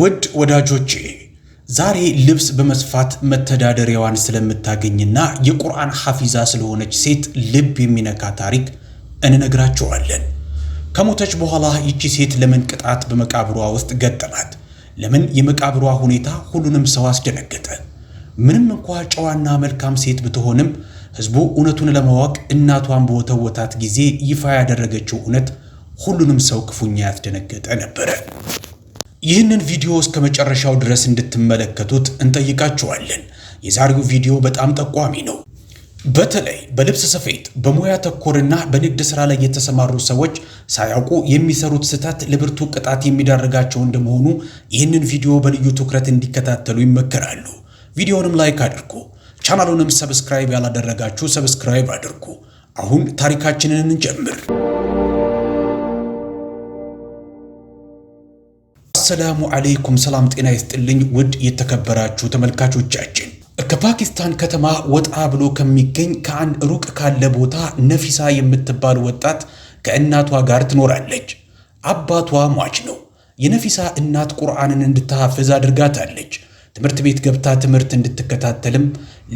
ውድ ወዳጆቼ ዛሬ ልብስ በመስፋት መተዳደሪያዋን ስለምታገኝና የቁርአን ሐፊዛ ስለሆነች ሴት ልብ የሚነካ ታሪክ እንነግራችኋለን። ከሞተች በኋላ ይቺ ሴት ለምን ቅጣት በመቃብሯ ውስጥ ገጠማት? ለምን የመቃብሯ ሁኔታ ሁሉንም ሰው አስደነገጠ? ምንም እንኳ ጨዋና መልካም ሴት ብትሆንም ሕዝቡ እውነቱን ለማወቅ እናቷን በወተወታት ጊዜ ይፋ ያደረገችው እውነት ሁሉንም ሰው ክፉኛ ያስደነገጠ ነበረ። ይህንን ቪዲዮ እስከ መጨረሻው ድረስ እንድትመለከቱት እንጠይቃችኋለን። የዛሬው ቪዲዮ በጣም ጠቋሚ ነው። በተለይ በልብስ ስፌት በሙያ ተኮርና በንግድ ስራ ላይ የተሰማሩ ሰዎች ሳያውቁ የሚሰሩት ስህተት ለብርቱ ቅጣት የሚዳርጋቸው እንደመሆኑ ይህንን ቪዲዮ በልዩ ትኩረት እንዲከታተሉ ይመከራሉ። ቪዲዮውንም ላይክ አድርጉ፣ ቻናሉንም ሰብስክራይብ ያላደረጋችሁ ሰብስክራይብ አድርጉ። አሁን ታሪካችንን እንጀምር። አሰላሙ አለይኩም ሰላም ጤና ይስጥልኝ። ውድ የተከበራችሁ ተመልካቾቻችን ከፓኪስታን ከተማ ወጣ ብሎ ከሚገኝ ከአንድ ሩቅ ካለ ቦታ ነፊሳ የምትባል ወጣት ከእናቷ ጋር ትኖራለች። አባቷ ሟች ነው። የነፊሳ እናት ቁርአንን እንድታሐፍዝ አድርጋታለች። ትምህርት ቤት ገብታ ትምህርት እንድትከታተልም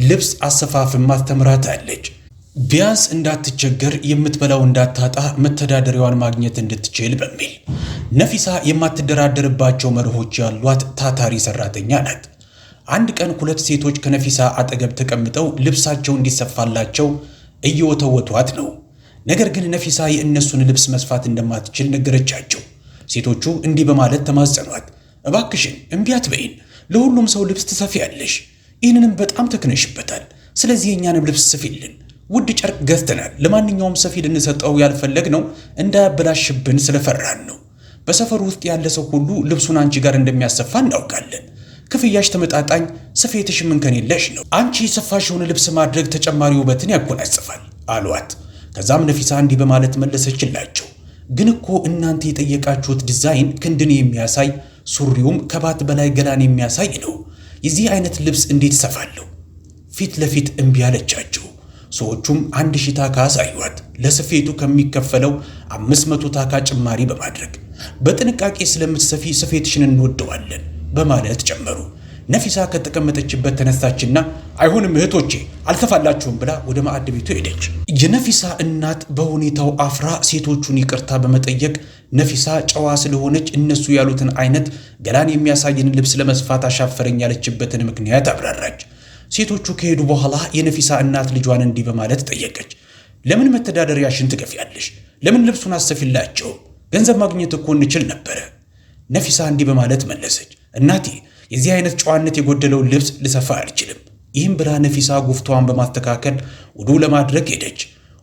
ልብስ አሰፋፍም አስተምራታለች። ቢያንስ እንዳትቸገር የምትበላው እንዳታጣ መተዳደሪያዋን ማግኘት እንድትችል በሚል ነፊሳ የማትደራደርባቸው መርሆች ያሏት ታታሪ ሰራተኛ ናት። አንድ ቀን ሁለት ሴቶች ከነፊሳ አጠገብ ተቀምጠው ልብሳቸው እንዲሰፋላቸው እየወተወቷት ነው። ነገር ግን ነፊሳ የእነሱን ልብስ መስፋት እንደማትችል ነገረቻቸው። ሴቶቹ እንዲህ በማለት ተማጸኗት። እባክሽን እምቢ አትበይን፣ ለሁሉም ሰው ልብስ ትሰፊያለሽ፣ ይህንንም በጣም ተክነሽበታል። ስለዚህ የእኛንም ልብስ ስፊልን፣ ውድ ጨርቅ ገዝተናል። ለማንኛውም ሰፊ ልንሰጠው ያልፈለግነው እንዳያበላሽብን ስለፈራን ነው በሰፈሩ ውስጥ ያለ ሰው ሁሉ ልብሱን አንቺ ጋር እንደሚያሰፋ እናውቃለን። ክፍያሽ ተመጣጣኝ፣ ስፌትሽ ምን የለሽ ነው። አንቺ የሰፋሽውን ልብስ ማድረግ ተጨማሪ ውበትን ያጎናጽፋል አሏት። ከዛም ነፊሳ እንዲህ በማለት መለሰችላቸው። ግን እኮ እናንተ የጠየቃችሁት ዲዛይን ክንድን የሚያሳይ ሱሪውም ከባት በላይ ገላን የሚያሳይ ነው። የዚህ አይነት ልብስ እንዴት ሰፋለሁ? ፊት ለፊት እምቢ አለቻቸው። ሰዎቹም አንድ ሺህ ታካ አሳዩአት ለስፌቱ ከሚከፈለው አምስት መቶ ታካ ጭማሪ በማድረግ በጥንቃቄ ስለምትሰፊ ስፌትሽን እንወደዋለን በማለት ጨመሩ። ነፊሳ ከተቀመጠችበት ተነሳችና አይሆንም እህቶቼ አልተፋላችሁም ብላ ወደ ማዕድ ቤቱ ሄደች። የነፊሳ እናት በሁኔታው አፍራ ሴቶቹን ይቅርታ በመጠየቅ ነፊሳ ጨዋ ስለሆነች እነሱ ያሉትን አይነት ገላን የሚያሳይን ልብስ ለመስፋት አሻፈረኝ ያለችበትን ምክንያት አብራራች። ሴቶቹ ከሄዱ በኋላ የነፊሳ እናት ልጇን እንዲህ በማለት ጠየቀች። ለምን መተዳደሪያሽን ትገፊያለሽ? ለምን ልብሱን አሰፊላቸው? ገንዘብ ማግኘት እኮ እንችል ነበረ። ነፊሳ እንዲህ በማለት መለሰች። እናቴ የዚህ አይነት ጨዋነት የጎደለውን ልብስ ልሰፋ አልችልም። ይህም ብላ ነፊሳ ጉፍቷን በማስተካከል ውዱ ለማድረግ ሄደች።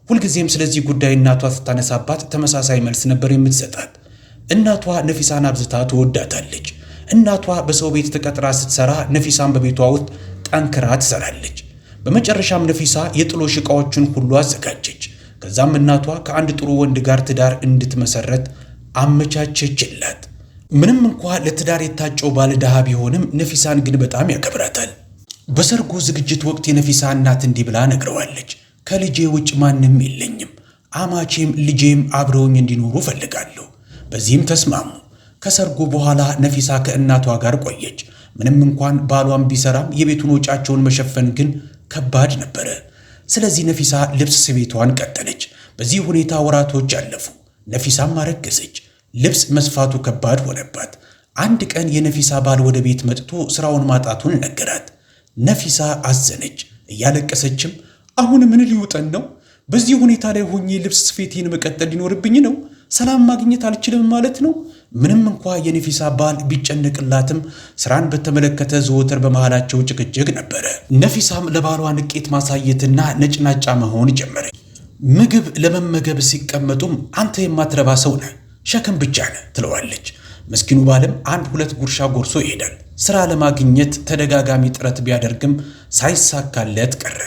ሁልጊዜም ስለዚህ ጉዳይ እናቷ ስታነሳባት ተመሳሳይ መልስ ነበር የምትሰጣት። እናቷ ነፊሳን አብዝታ ትወዳታለች። እናቷ በሰው ቤት ተቀጥራ ስትሰራ ነፊሳን በቤቷ ውስጥ ጠንክራ ትሰራለች። በመጨረሻም ነፊሳ የጥሎሽ ዕቃዎችን ሁሉ አዘጋጀች። ከዛም እናቷ ከአንድ ጥሩ ወንድ ጋር ትዳር እንድትመሰረት አመቻቸችላት። ምንም እንኳ ለትዳር የታጨው ባለ ድሃ ቢሆንም ነፊሳን ግን በጣም ያከብራታል። በሰርጉ ዝግጅት ወቅት የነፊሳ እናት እንዲህ ብላ ነግረዋለች። ከልጄ ውጭ ማንም የለኝም፣ አማቼም ልጄም አብረውኝ እንዲኖሩ ፈልጋለሁ። በዚህም ተስማሙ። ከሰርጉ በኋላ ነፊሳ ከእናቷ ጋር ቆየች። ምንም እንኳን ባሏም ቢሰራም የቤቱን ወጫቸውን መሸፈን ግን ከባድ ነበረ። ስለዚህ ነፊሳ ልብስ ስፌቷን ቀጠለች። በዚህ ሁኔታ ወራቶች አለፉ። ነፊሳም አረገዘች። ልብስ መስፋቱ ከባድ ሆነባት። አንድ ቀን የነፊሳ ባል ወደ ቤት መጥቶ ሥራውን ማጣቱን ነገራት። ነፊሳ አዘነች፣ እያለቀሰችም አሁን ምን ሊውጠን ነው? በዚህ ሁኔታ ላይ ሆኜ ልብስ ስፌቴን መቀጠል ሊኖርብኝ ነው ሰላም ማግኘት አልችልም ማለት ነው። ምንም እንኳ የነፊሳ ባል ቢጨነቅላትም ስራን በተመለከተ ዘወትር በመሃላቸው ጭቅጭቅ ነበረ። ነፊሳም ለባሏ ንቄት ማሳየትና ነጭናጫ መሆን ጀመረ። ምግብ ለመመገብ ሲቀመጡም አንተ የማትረባ ሰው ነህ፣ ሸክም ብቻ ነህ ትለዋለች። ምስኪኑ ባልም አንድ ሁለት ጉርሻ ጎርሶ ይሄዳል። ስራ ለማግኘት ተደጋጋሚ ጥረት ቢያደርግም ሳይሳካለት ቀረ።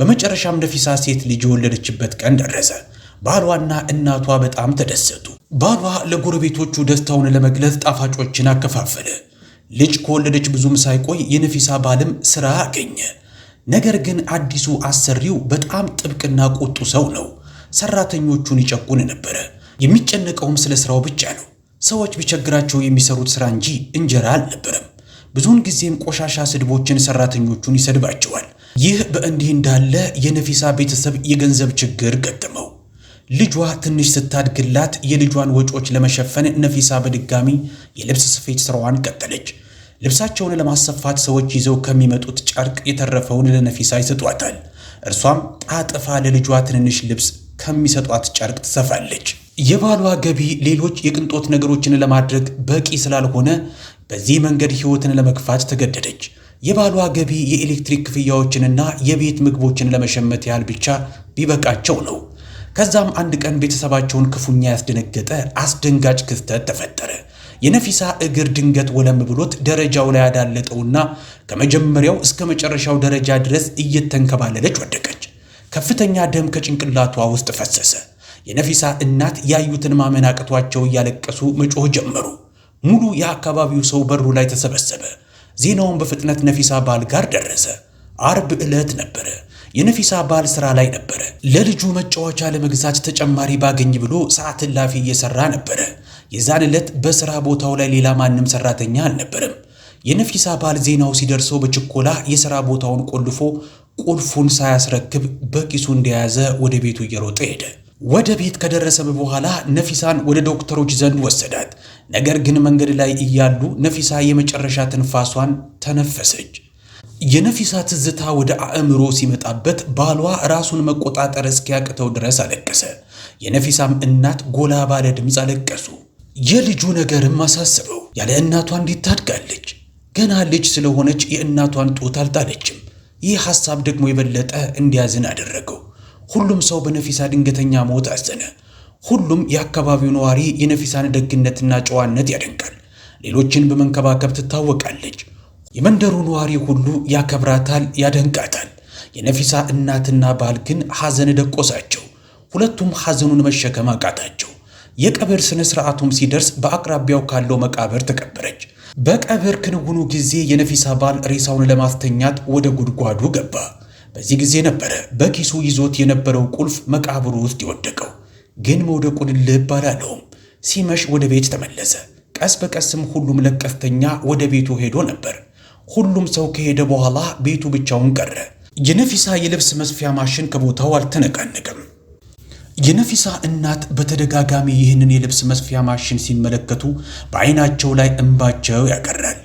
በመጨረሻም ነፊሳ ሴት ልጅ የወለደችበት ቀን ደረሰ። ባሏና እናቷ በጣም ተደሰቱ። ባሏ ለጎረቤቶቹ ደስታውን ለመግለጽ ጣፋጮችን አከፋፈለ። ልጅ ከወለደች ብዙም ሳይቆይ የነፊሳ ባልም ሥራ አገኘ። ነገር ግን አዲሱ አሰሪው በጣም ጥብቅና ቁጡ ሰው ነው። ሰራተኞቹን ይጨቁን ነበረ። የሚጨነቀውም ስለ ሥራው ብቻ ነው። ሰዎች ቢቸግራቸው የሚሰሩት ሥራ እንጂ እንጀራ አልነበረም። ብዙውን ጊዜም ቆሻሻ ስድቦችን ሰራተኞቹን ይሰድባቸዋል። ይህ በእንዲህ እንዳለ የነፊሳ ቤተሰብ የገንዘብ ችግር ገጠመው። ልጇ ትንሽ ስታድግላት የልጇን ወጪዎች ለመሸፈን ነፊሳ በድጋሚ የልብስ ስፌት ስራዋን ቀጠለች። ልብሳቸውን ለማሰፋት ሰዎች ይዘው ከሚመጡት ጨርቅ የተረፈውን ለነፊሳ ይሰጧታል። እርሷም ጣጥፋ ለልጇ ትንንሽ ልብስ ከሚሰጧት ጨርቅ ትሰፋለች። የባሏ ገቢ ሌሎች የቅንጦት ነገሮችን ለማድረግ በቂ ስላልሆነ በዚህ መንገድ ሕይወትን ለመግፋት ተገደደች። የባሏ ገቢ የኤሌክትሪክ ክፍያዎችንና የቤት ምግቦችን ለመሸመት ያህል ብቻ ቢበቃቸው ነው። ከዛም አንድ ቀን ቤተሰባቸውን ክፉኛ ያስደነገጠ አስደንጋጭ ክስተት ተፈጠረ። የነፊሳ እግር ድንገት ወለም ብሎት ደረጃው ላይ ያዳለጠውና ከመጀመሪያው እስከ መጨረሻው ደረጃ ድረስ እየተንከባለለች ወደቀች። ከፍተኛ ደም ከጭንቅላቷ ውስጥ ፈሰሰ። የነፊሳ እናት ያዩትን ማመን አቅቷቸው እያለቀሱ መጮህ ጀመሩ። ሙሉ የአካባቢው ሰው በሩ ላይ ተሰበሰበ። ዜናውን በፍጥነት ነፊሳ ባል ጋር ደረሰ። አርብ ዕለት ነበረ። የነፊሳ ባል ስራ ላይ ነበረ። ለልጁ መጫወቻ ለመግዛት ተጨማሪ ባገኝ ብሎ ሰዓት እላፊ እየሰራ ነበረ። የዛን ዕለት በስራ ቦታው ላይ ሌላ ማንም ሰራተኛ አልነበረም። የነፊሳ ባል ዜናው ሲደርሰው በችኮላ የሥራ ቦታውን ቆልፎ ቁልፉን ሳያስረክብ በኪሱ እንደያዘ ወደ ቤቱ እየሮጠ ሄደ። ወደ ቤት ከደረሰም በኋላ ነፊሳን ወደ ዶክተሮች ዘንድ ወሰዳት። ነገር ግን መንገድ ላይ እያሉ ነፊሳ የመጨረሻ ትንፋሷን ተነፈሰች። የነፊሳ ትዝታ ወደ አእምሮ ሲመጣበት ባሏ ራሱን መቆጣጠር እስኪያቅተው ድረስ አለቀሰ። የነፊሳም እናት ጎላ ባለ ድምፅ አለቀሱ። የልጁ ነገርም አሳስበው፣ ያለ እናቷ እንዴት ታድጋለች? ገና ልጅ ስለሆነች የእናቷን ጡት አልጣለችም። ይህ ሐሳብ ደግሞ የበለጠ እንዲያዝን አደረገው። ሁሉም ሰው በነፊሳ ድንገተኛ ሞት አዘነ። ሁሉም የአካባቢው ነዋሪ የነፊሳን ደግነትና ጨዋነት ያደንቃል። ሌሎችን በመንከባከብ ትታወቃለች። የመንደሩ ነዋሪ ሁሉ ያከብራታል፣ ያደንቃታል። የነፊሳ እናትና ባል ግን ሐዘን ደቆሳቸው። ሁለቱም ሐዘኑን መሸከም አቃታቸው። የቀብር ሥነ ሥርዓቱም ሲደርስ በአቅራቢያው ካለው መቃብር ተቀበረች። በቀብር ክንውኑ ጊዜ የነፊሳ ባል ሬሳውን ለማስተኛት ወደ ጉድጓዱ ገባ። በዚህ ጊዜ ነበረ በኪሱ ይዞት የነበረው ቁልፍ መቃብሩ ውስጥ የወደቀው። ግን መውደቁን ልብ አላለውም። ሲመሽ ወደ ቤት ተመለሰ። ቀስ በቀስም ሁሉም ለቀስተኛ ወደ ቤቱ ሄዶ ነበር። ሁሉም ሰው ከሄደ በኋላ ቤቱ ብቻውን ቀረ። የነፊሳ የልብስ መስፊያ ማሽን ከቦታው አልተነቃነቅም። የነፊሳ እናት በተደጋጋሚ ይህንን የልብስ መስፊያ ማሽን ሲመለከቱ በዓይናቸው ላይ እንባቸው ያቀራል።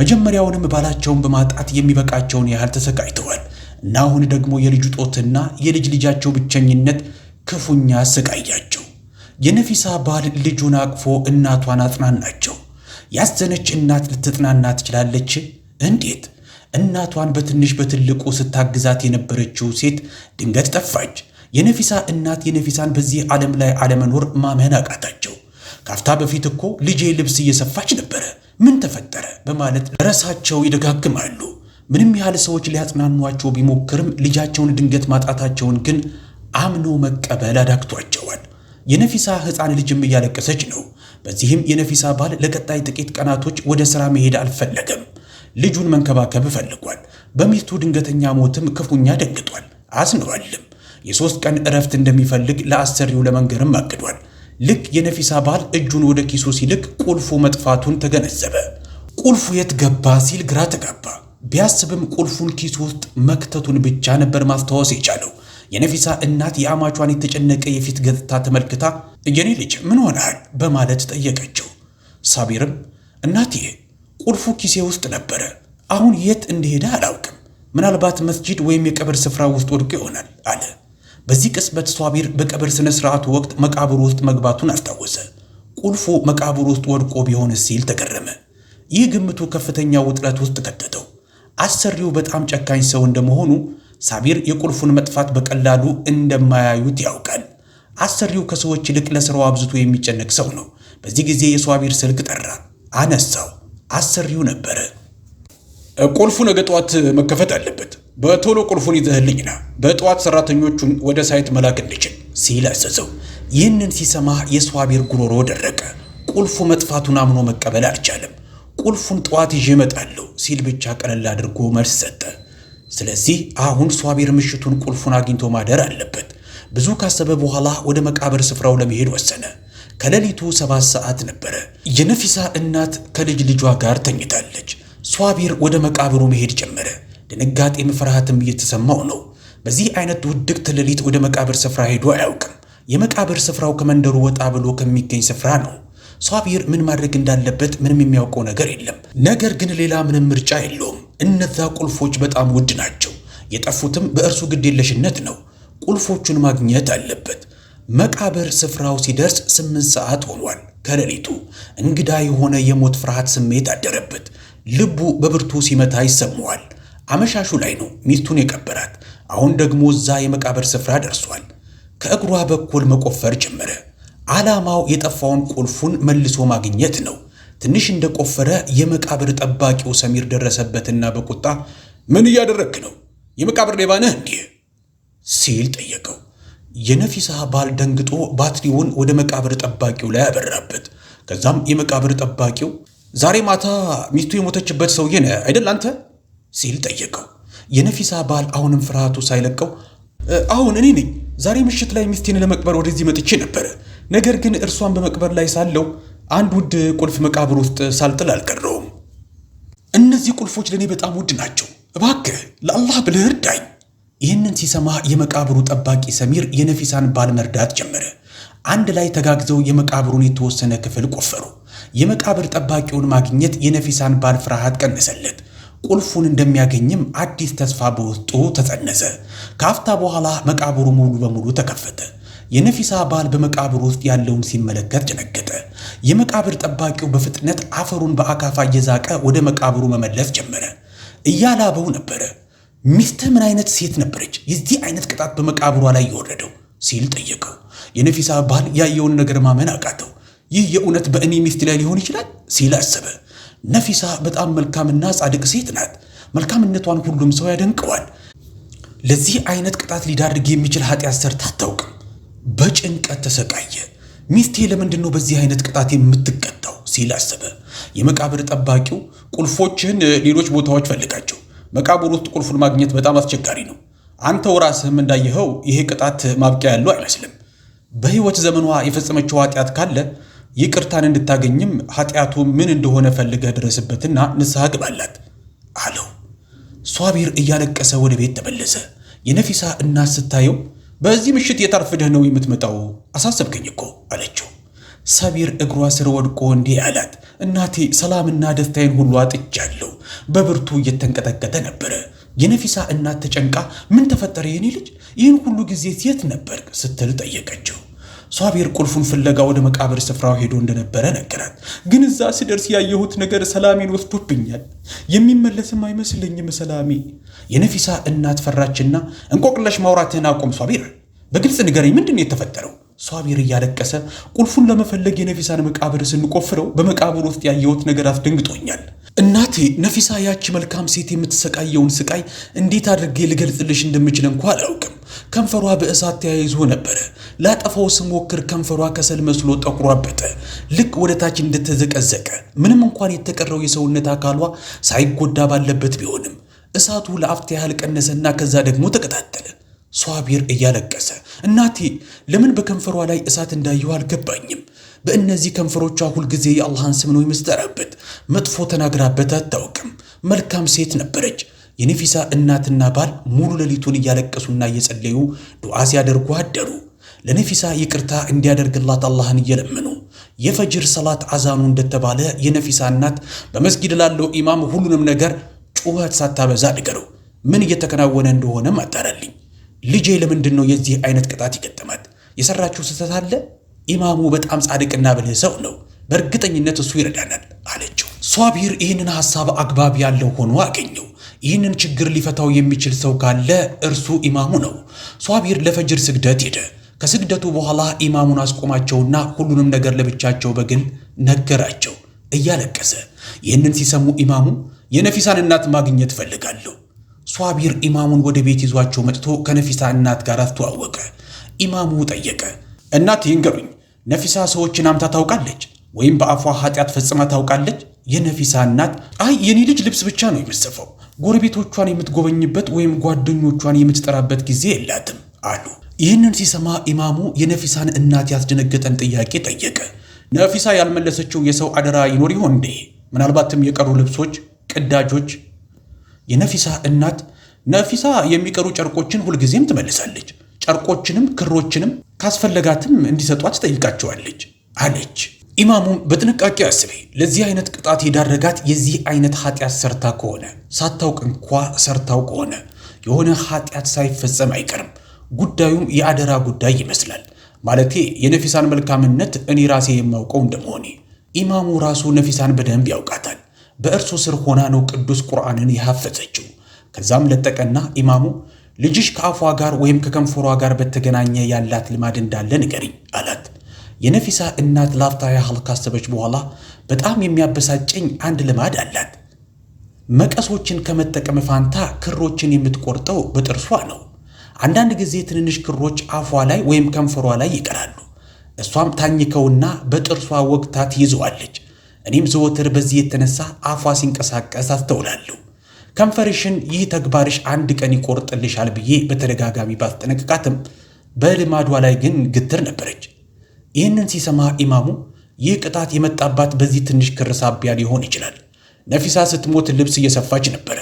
መጀመሪያውንም ባላቸውን በማጣት የሚበቃቸውን ያህል ተሰቃይተዋል እና አሁን ደግሞ የልጁ ጦትና የልጅ ልጃቸው ብቸኝነት ክፉኛ አሰቃያቸው። የነፊሳ ባል ልጁን አቅፎ እናቷን አጽናናቸው። ያዘነች እናት ልትጥናና ትችላለች? እንዴት? እናቷን በትንሽ በትልቁ ስታግዛት የነበረችው ሴት ድንገት ጠፋች። የነፊሳ እናት የነፊሳን በዚህ ዓለም ላይ አለመኖር ማመን አቃታቸው። ካፍታ በፊት እኮ ልጄ ልብስ እየሰፋች ነበረ፣ ምን ተፈጠረ? በማለት ራሳቸው ይደጋግማሉ። ምንም ያህል ሰዎች ሊያጽናኗቸው ቢሞክርም ልጃቸውን ድንገት ማጣታቸውን ግን አምኖ መቀበል አዳግቷቸዋል። የነፊሳ ሕፃን ልጅም እያለቀሰች ነው። በዚህም የነፊሳ ባል ለቀጣይ ጥቂት ቀናቶች ወደ ሥራ መሄድ አልፈለገም። ልጁን መንከባከብ ፈልጓል። በሚስቱ ድንገተኛ ሞትም ክፉኛ ደንግጧል፣ አዝኗልም። የሦስት ቀን እረፍት እንደሚፈልግ ለአሰሪው ለመንገርም አቅዷል። ልክ የነፊሳ ባል እጁን ወደ ኪሱ ሲልክ ቁልፉ መጥፋቱን ተገነዘበ። ቁልፉ የት ገባ ሲል ግራ ተጋባ። ቢያስብም ቁልፉን ኪሱ ውስጥ መክተቱን ብቻ ነበር ማስታወስ የቻለው። የነፊሳ እናት የአማቿን የተጨነቀ የፊት ገጽታ ተመልክታ የኔ ልጅ ምን ሆነሃል በማለት ጠየቀችው። ሳቢርም እናትዬ ቁልፉ ኪሴ ውስጥ ነበረ። አሁን የት እንደሄደ አላውቅም። ምናልባት መስጂድ ወይም የቀብር ስፍራ ውስጥ ወድቆ ይሆናል አለ። በዚህ ቅጽበት ሷቢር በቀብር ስነ ስርዓቱ ወቅት መቃብር ውስጥ መግባቱን አስታወሰ። ቁልፉ መቃብር ውስጥ ወድቆ ቢሆን ሲል ተገረመ። ይህ ግምቱ ከፍተኛ ውጥረት ውስጥ ከተተው። አሰሪው በጣም ጨካኝ ሰው እንደመሆኑ ሳቢር የቁልፉን መጥፋት በቀላሉ እንደማያዩት ያውቃል። አሰሪው ከሰዎች ይልቅ ለስራው አብዝቶ የሚጨነቅ ሰው ነው። በዚህ ጊዜ የሷቢር ስልክ ጠራ፣ አነሳው። አሰሪው ነበረ። ቁልፉ ነገ ጠዋት መከፈት አለበት። በቶሎ ቁልፉን ይዘህልኝ ና፣ በጠዋት ሰራተኞቹን ወደ ሳይት መላክ እንድችል ሲል አዘዘው። ይህንን ሲሰማ የሷቢር ጉሮሮ ደረቀ። ቁልፉ መጥፋቱን አምኖ መቀበል አልቻለም። ቁልፉን ጠዋት ይዤ እመጣለሁ ሲል ብቻ ቀለል አድርጎ መልስ ሰጠ። ስለዚህ አሁን ሷቢር ምሽቱን ቁልፉን አግኝቶ ማደር አለበት። ብዙ ካሰበ በኋላ ወደ መቃብር ስፍራው ለመሄድ ወሰነ። ከሌሊቱ ሰባት ሰዓት ነበረ። የነፊሳ እናት ከልጅ ልጇ ጋር ተኝታለች። ሷቢር ወደ መቃብሩ መሄድ ጀመረ። ድንጋጤም ፍርሃትም እየተሰማው ነው። በዚህ አይነት ውድቅት ሌሊት ወደ መቃብር ስፍራ ሄዶ አያውቅም። የመቃብር ስፍራው ከመንደሩ ወጣ ብሎ ከሚገኝ ስፍራ ነው። ሷቢር ምን ማድረግ እንዳለበት ምንም የሚያውቀው ነገር የለም። ነገር ግን ሌላ ምንም ምርጫ የለውም። እነዛ ቁልፎች በጣም ውድ ናቸው። የጠፉትም በእርሱ ግዴለሽነት ነው። ቁልፎቹን ማግኘት አለበት። መቃብር ስፍራው ሲደርስ ስምንት ሰዓት ሆኗል ከሌሊቱ። እንግዳ የሆነ የሞት ፍርሃት ስሜት አደረበት። ልቡ በብርቱ ሲመታ ይሰማዋል። አመሻሹ ላይ ነው ሚስቱን የቀበራት። አሁን ደግሞ እዛ የመቃብር ስፍራ ደርሷል። ከእግሯ በኩል መቆፈር ጀመረ። ዓላማው የጠፋውን ቁልፉን መልሶ ማግኘት ነው። ትንሽ እንደቆፈረ የመቃብር ጠባቂው ሰሚር ደረሰበትና በቁጣ ምን እያደረግክ ነው? የመቃብር ሌባ ነህ እንዲህ ሲል ጠየቀው። የነፊሳ ባል ደንግጦ ባትሪውን ወደ መቃብር ጠባቂው ላይ ያበራበት። ከዛም የመቃብር ጠባቂው ዛሬ ማታ ሚስቱ የሞተችበት ሰውዬ ነህ አይደል አንተ ሲል ጠየቀው። የነፊሳ ባል አሁንም ፍርሃቱ ሳይለቀው አሁን እኔ ነኝ፣ ዛሬ ምሽት ላይ ሚስቴን ለመቅበር ወደዚህ መጥቼ ነበር ነገር ግን እርሷን በመቅበር ላይ ሳለው አንድ ውድ ቁልፍ መቃብር ውስጥ ሳልጥል አልቀረውም። እነዚህ ቁልፎች ለእኔ በጣም ውድ ናቸው። እባክህ ለአላህ ብለህ እርዳኝ ይህንን ሲሰማ የመቃብሩ ጠባቂ ሰሚር የነፊሳን ባል መርዳት ጀመረ። አንድ ላይ ተጋግዘው የመቃብሩን የተወሰነ ክፍል ቆፈሩ። የመቃብር ጠባቂውን ማግኘት የነፊሳን ባል ፍርሃት ቀነሰለት። ቁልፉን እንደሚያገኝም አዲስ ተስፋ በውስጡ ተጸነሰ። ከአፍታ በኋላ መቃብሩ ሙሉ በሙሉ ተከፈተ። የነፊሳ ባል በመቃብር ውስጥ ያለውን ሲመለከት ደነገጠ። የመቃብር ጠባቂው በፍጥነት አፈሩን በአካፋ እየዛቀ ወደ መቃብሩ መመለስ ጀመረ። እያላበው ነበረ። ሚስትህ ምን አይነት ሴት ነበረች የዚህ አይነት ቅጣት በመቃብሯ ላይ የወረደው ሲል ጠየቀው። የነፊሳ ባል ያየውን ነገር ማመን አቃተው። ይህ የእውነት በእኔ ሚስት ላይ ሊሆን ይችላል ሲል አሰበ። ነፊሳ በጣም መልካምና ጻድቅ ሴት ናት። መልካምነቷን ሁሉም ሰው ያደንቀዋል። ለዚህ አይነት ቅጣት ሊዳርግ የሚችል ኃጢአት ሰርታ አታውቅም። በጭንቀት ተሰቃየ። ሚስቴ ለምንድን ነው በዚህ አይነት ቅጣት የምትቀጣው ሲል አሰበ። የመቃብር ጠባቂው ቁልፎችህን ሌሎች ቦታዎች ፈልጋቸው መቃብር ውስጥ ቁልፉን ማግኘት በጣም አስቸጋሪ ነው። አንተው ራስህም እንዳየኸው ይሄ ቅጣት ማብቂያ ያለው አይመስልም። በሕይወት ዘመኗ የፈጸመችው ኃጢአት ካለ ይቅርታን እንድታገኝም ኃጢአቱ ምን እንደሆነ ፈልገህ ድረስበትና ንስሐ ግባላት አለው። ሷቢር እያለቀሰ ወደ ቤት ተመለሰ። የነፊሳ እናት ስታየው በዚህ ምሽት የታርፍደህ ነው የምትመጣው? አሳሰብከኝ እኮ አለችው። ሰቢር እግሯ ስር ወድቆ እንዲህ አላት፣ እናቴ ሰላምና ደስታዬን ሁሉ አጥቻለሁ። በብርቱ እየተንቀጠቀጠ ነበረ። የነፊሳ እናት ተጨንቃ ምን ተፈጠረ የኔ ልጅ? ይህን ሁሉ ጊዜ የት ነበር ስትል ጠየቀችው። ሷቤር ቁልፉን ፍለጋ ወደ መቃብር ስፍራው ሄዶ እንደነበረ ነገራት። ግን እዛ ስደርስ ያየሁት ነገር ሰላሜን ወስዶብኛል፣ የሚመለስም አይመስለኝም ሰላሜ። የነፊሳ እናት ፈራችና እንቆቅለሽ ማውራትህን አቁም ሷቤር፣ በግልጽ ንገረኝ፣ ምንድን ነው የተፈጠረው? ሷቢር እያለቀሰ ቁልፉን ለመፈለግ የነፊሳን መቃብር ስንቆፍረው በመቃብር ውስጥ ያየሁት ነገር አስደንግጦኛል። እናቴ ነፊሳ ያቺ መልካም ሴት የምትሰቃየውን ስቃይ እንዴት አድርጌ ልገልጽልሽ እንደምችል እንኳ አላውቅም። ከንፈሯ በእሳት ተያይዞ ነበረ። ላጠፋው ስሞክር ከንፈሯ ከሰል መስሎ ጠቁሯበተ፣ ልክ ወደ ታች እንደተዘቀዘቀ ምንም እንኳን የተቀረው የሰውነት አካሏ ሳይጎዳ ባለበት ቢሆንም እሳቱ ለአፍት ያህል ቀነሰና ከዛ ደግሞ ተቀጣጠለ። ሷቢር እያለቀሰ እናቴ ለምን በከንፈሯ ላይ እሳት እንዳየው አልገባኝም። በእነዚህ ከንፈሮቿ ሁልጊዜ የአላህን ስም ነው የምትጠራበት። መጥፎ ተናግራበት አታውቅም። መልካም ሴት ነበረች። የነፊሳ እናትና ባል ሙሉ ሌሊቱን እያለቀሱና እየጸለዩ ዱዓ ሲያደርጉ አደሩ። ለነፊሳ ይቅርታ እንዲያደርግላት አላህን እየለመኑ የፈጅር ሰላት አዛኑ እንደተባለ የነፊሳ እናት በመስጊድ ላለው ኢማም ሁሉንም ነገር ጩኸት ሳታበዛ ንገረው፣ ምን እየተከናወነ እንደሆነም አጣራልኝ ልጄ ለምንድን ነው የዚህ አይነት ቅጣት ይገጠማት? የሰራችው ስህተት አለ። ኢማሙ በጣም ጻድቅና ብልህ ሰው ነው። በእርግጠኝነት እሱ ይረዳናል አለችው። ሷቢር ይህንን ሐሳብ አግባብ ያለው ሆኖ አገኘው። ይህንን ችግር ሊፈታው የሚችል ሰው ካለ እርሱ ኢማሙ ነው። ሷቢር ለፈጅር ስግደት ሄደ። ከስግደቱ በኋላ ኢማሙን አስቆማቸውና ሁሉንም ነገር ለብቻቸው በግል ነገራቸው እያለቀሰ። ይህንን ሲሰሙ ኢማሙ የነፊሳን እናት ማግኘት እፈልጋለሁ ሷቢር ኢማሙን ወደ ቤት ይዟቸው መጥቶ ከነፊሳ እናት ጋር አስተዋወቀ። ኢማሙ ጠየቀ፣ እናት ይንገሩኝ፣ ነፊሳ ሰዎችን አምታ ታውቃለች ወይም በአፏ ኃጢአት ፈጽማ ታውቃለች? የነፊሳ እናት አይ የኔ ልጅ ልብስ ብቻ ነው የምትጽፈው፣ ጎረቤቶቿን የምትጎበኝበት ወይም ጓደኞቿን የምትጠራበት ጊዜ የላትም አሉ። ይህንን ሲሰማ ኢማሙ የነፊሳን እናት ያስደነገጠን ጥያቄ ጠየቀ። ነፊሳ ያልመለሰችው የሰው አደራ ይኖር ይሆን እንዴ? ምናልባትም የቀሩ ልብሶች፣ ቅዳጆች የነፊሳ እናት ነፊሳ የሚቀሩ ጨርቆችን ሁልጊዜም ትመልሳለች። ጨርቆችንም ክሮችንም ካስፈለጋትም እንዲሰጧት ትጠይቃቸዋለች አለች። ኢማሙም በጥንቃቄ አስቤ ለዚህ አይነት ቅጣት የዳረጋት የዚህ አይነት ኃጢአት ሰርታ ከሆነ ሳታውቅ እንኳ ሰርታው ከሆነ የሆነ ኃጢአት ሳይፈጸም አይቀርም። ጉዳዩም የአደራ ጉዳይ ይመስላል። ማለቴ የነፊሳን መልካምነት እኔ ራሴ የማውቀው እንደመሆኔ ኢማሙ ራሱ ነፊሳን በደንብ ያውቃታል። በእርሱ ስር ሆና ነው ቅዱስ ቁርአንን የሐፈጸችው። ከዛም ለጠቀና ኢማሙ ልጅሽ ከአፏ ጋር ወይም ከከንፈሯ ጋር በተገናኘ ያላት ልማድ እንዳለ ንገሪኝ አላት። የነፊሳ እናት ላፍታ ያህል ካሰበች በኋላ በጣም የሚያበሳጨኝ አንድ ልማድ አላት። መቀሶችን ከመጠቀም ፋንታ ክሮችን የምትቆርጠው በጥርሷ ነው። አንዳንድ ጊዜ ትንንሽ ክሮች አፏ ላይ ወይም ከንፈሯ ላይ ይቀራሉ። እሷም ታኝከውና በጥርሷ ወቅታ ትይዘዋለች። እኔም ዘወትር በዚህ የተነሳ አፏ ሲንቀሳቀስ አስተውላለሁ። ከንፈርሽን ይህ ተግባርሽ አንድ ቀን ይቆርጥልሻል ብዬ በተደጋጋሚ ባስጠነቅቃትም በልማዷ ላይ ግን ግትር ነበረች። ይህንን ሲሰማ ኢማሙ ይህ ቅጣት የመጣባት በዚህ ትንሽ ክር ሳቢያ ሊሆን ይችላል። ነፊሳ ስትሞት ልብስ እየሰፋች ነበረ።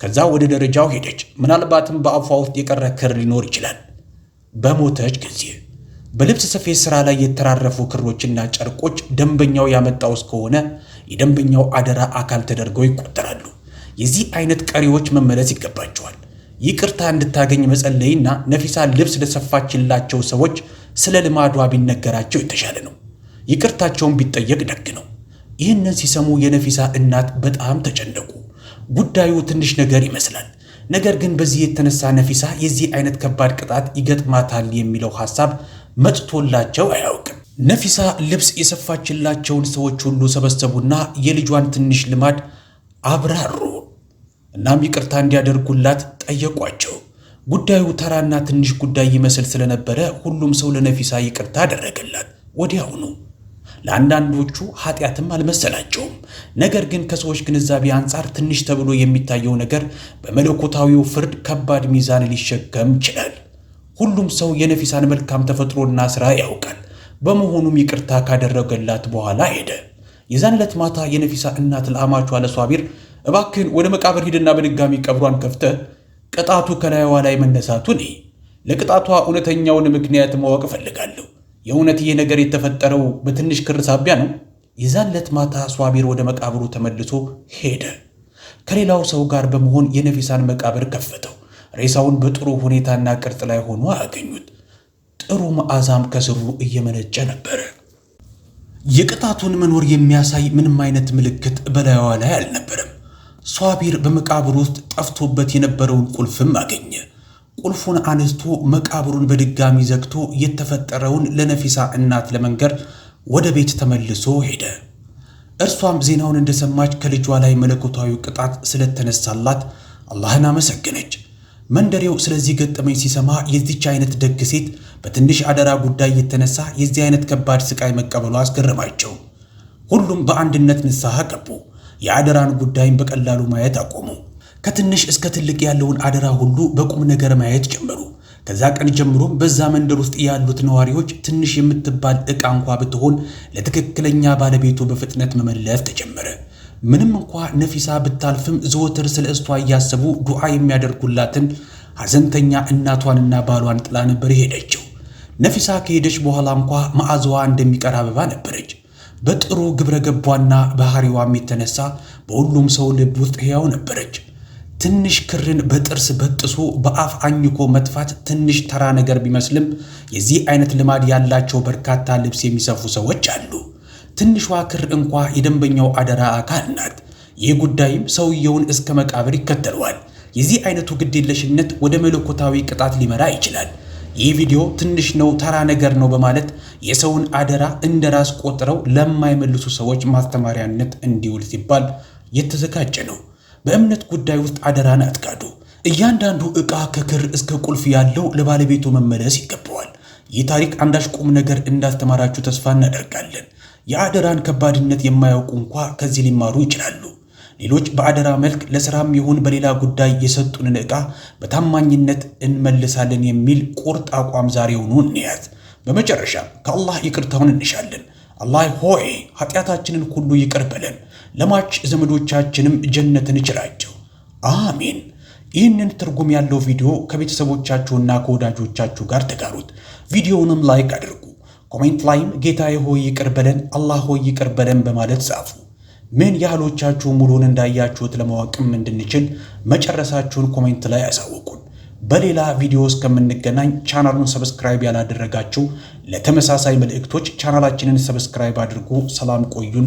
ከዛ ወደ ደረጃው ሄደች። ምናልባትም በአፏ ውስጥ የቀረ ክር ሊኖር ይችላል። በሞተች ጊዜ በልብስ ስፌት ሥራ ላይ የተራረፉ ክሮችና ጨርቆች ደንበኛው ያመጣው እስከሆነ የደንበኛው አደራ አካል ተደርገው ይቆጠራሉ። የዚህ አይነት ቀሪዎች መመለስ ይገባቸዋል። ይቅርታ እንድታገኝ መጸለይና ነፊሳ ልብስ ለሰፋችላቸው ሰዎች ስለ ልማዷ ቢነገራቸው የተሻለ ነው። ይቅርታቸውን ቢጠየቅ ደግ ነው። ይህንን ሲሰሙ የነፊሳ እናት በጣም ተጨነቁ። ጉዳዩ ትንሽ ነገር ይመስላል። ነገር ግን በዚህ የተነሳ ነፊሳ የዚህ አይነት ከባድ ቅጣት ይገጥማታል የሚለው ሐሳብ መጥቶላቸው አያውቅም። ነፊሳ ልብስ የሰፋችላቸውን ሰዎች ሁሉ ሰበሰቡና የልጇን ትንሽ ልማድ አብራሩ። እናም ይቅርታ እንዲያደርጉላት ጠየቋቸው። ጉዳዩ ተራና ትንሽ ጉዳይ ይመስል ስለነበረ ሁሉም ሰው ለነፊሳ ይቅርታ አደረገላት ወዲያውኑ። ለአንዳንዶቹ ኃጢአትም አልመሰላቸውም። ነገር ግን ከሰዎች ግንዛቤ አንጻር ትንሽ ተብሎ የሚታየው ነገር በመለኮታዊው ፍርድ ከባድ ሚዛን ሊሸከም ይችላል። ሁሉም ሰው የነፊሳን መልካም ተፈጥሮና ሥራ ያውቃል። በመሆኑም ይቅርታ ካደረገላት በኋላ ሄደ። የዛን ዕለት ማታ የነፊሳ እናት ለአማቿ ለሷቢር እባክህን ወደ መቃብር ሂድና በድጋሚ ቀብሯን ከፍተ ቅጣቱ ከላይዋ ላይ መነሳቱን ለቅጣቷ እውነተኛውን ምክንያት ማወቅ እፈልጋለሁ የእውነት ይህ ነገር የተፈጠረው በትንሽ ክር ሳቢያ ነው? የዛለት ማታ ሷቢር ወደ መቃብሩ ተመልሶ ሄደ። ከሌላው ሰው ጋር በመሆን የነፊሳን መቃብር ከፈተው። ሬሳውን በጥሩ ሁኔታና ቅርጽ ላይ ሆኖ አገኙት። ጥሩ መዓዛም ከስሩ እየመነጨ ነበር። የቅጣቱን መኖር የሚያሳይ ምንም አይነት ምልክት በላዩዋ ላይ አልነበረም። ሷቢር በመቃብር ውስጥ ጠፍቶበት የነበረውን ቁልፍም አገኘ። ቁልፉን አንስቶ መቃብሩን በድጋሚ ዘግቶ የተፈጠረውን ለነፊሳ እናት ለመንገር ወደ ቤት ተመልሶ ሄደ። እርሷም ዜናውን እንደሰማች ከልጇ ላይ መለኮታዊ ቅጣት ስለተነሳላት አላህን አመሰገነች። መንደሬው ስለዚህ ገጠመኝ ሲሰማ የዚች አይነት ደግ ሴት በትንሽ አደራ ጉዳይ የተነሳ የዚህ አይነት ከባድ ስቃይ መቀበሉ አስገረማቸው። ሁሉም በአንድነት ንስሐ ገቡ። የአደራን ጉዳይም በቀላሉ ማየት አቆሙ። ከትንሽ እስከ ትልቅ ያለውን አደራ ሁሉ በቁም ነገር ማየት ጀመሩ። ከዛ ቀን ጀምሮም በዛ መንደር ውስጥ ያሉት ነዋሪዎች ትንሽ የምትባል ዕቃ እንኳ ብትሆን ለትክክለኛ ባለቤቱ በፍጥነት መመለስ ተጀመረ። ምንም እንኳ ነፊሳ ብታልፍም ዘወትር ስለ እሷ እያሰቡ ዱዓ የሚያደርጉላትን ሐዘንተኛ እናቷንና ባሏን ጥላ ነበር የሄደችው። ነፊሳ ከሄደች በኋላ እንኳ መዓዛዋ እንደሚቀር አበባ ነበረች። በጥሩ ግብረ ገቧና ባህሪዋም የተነሳ በሁሉም ሰው ልብ ውስጥ ሕያው ነበረች። ትንሽ ክርን በጥርስ በጥሶ በአፍ አኝኮ መጥፋት ትንሽ ተራ ነገር ቢመስልም የዚህ አይነት ልማድ ያላቸው በርካታ ልብስ የሚሰፉ ሰዎች አሉ። ትንሿ ክር እንኳ የደንበኛው አደራ አካል ናት። ይህ ጉዳይም ሰውየውን እስከ መቃብር ይከተለዋል። የዚህ አይነቱ ግዴለሽነት ወደ መለኮታዊ ቅጣት ሊመራ ይችላል። ይህ ቪዲዮ ትንሽ ነው፣ ተራ ነገር ነው በማለት የሰውን አደራ እንደ ራስ ቆጥረው ለማይመልሱ ሰዎች ማስተማሪያነት እንዲውል ሲባል የተዘጋጀ ነው። በእምነት ጉዳይ ውስጥ አደራን አትጋዱ እያንዳንዱ ዕቃ ከክር እስከ ቁልፍ ያለው ለባለቤቱ መመለስ ይገባዋል። ይህ ታሪክ አንዳች ቁም ነገር እንዳስተማራችሁ ተስፋ እናደርጋለን። የአደራን ከባድነት የማያውቁ እንኳ ከዚህ ሊማሩ ይችላሉ። ሌሎች በአደራ መልክ ለስራም ይሁን በሌላ ጉዳይ የሰጡንን ዕቃ በታማኝነት እንመልሳለን የሚል ቁርጥ አቋም ዛሬውኑ እንያዝ። በመጨረሻ ከአላህ ይቅርታውን እንሻለን። አላህ ሆይ ኃጢአታችንን ሁሉ ይቅር በለን ለሟች ዘመዶቻችንም ጀነትን ይችራቸው፣ አሜን። ይህንን ትርጉም ያለው ቪዲዮ ከቤተሰቦቻችሁና ከወዳጆቻችሁ ጋር ተጋሩት። ቪዲዮውንም ላይክ አድርጉ። ኮሜንት ላይም ጌታዬ ሆይ ይቅር በለን፣ አላህ ሆይ ይቅር በለን በማለት ጻፉ። ምን ያህሎቻችሁ ሙሉን እንዳያችሁት ለማወቅም እንድንችል መጨረሳችሁን ኮሜንት ላይ አሳውቁን። በሌላ ቪዲዮ እስከምንገናኝ ቻናሉን ሰብስክራይብ ያላደረጋችሁ ለተመሳሳይ መልእክቶች ቻናላችንን ሰብስክራይብ አድርጉ። ሰላም ቆዩን።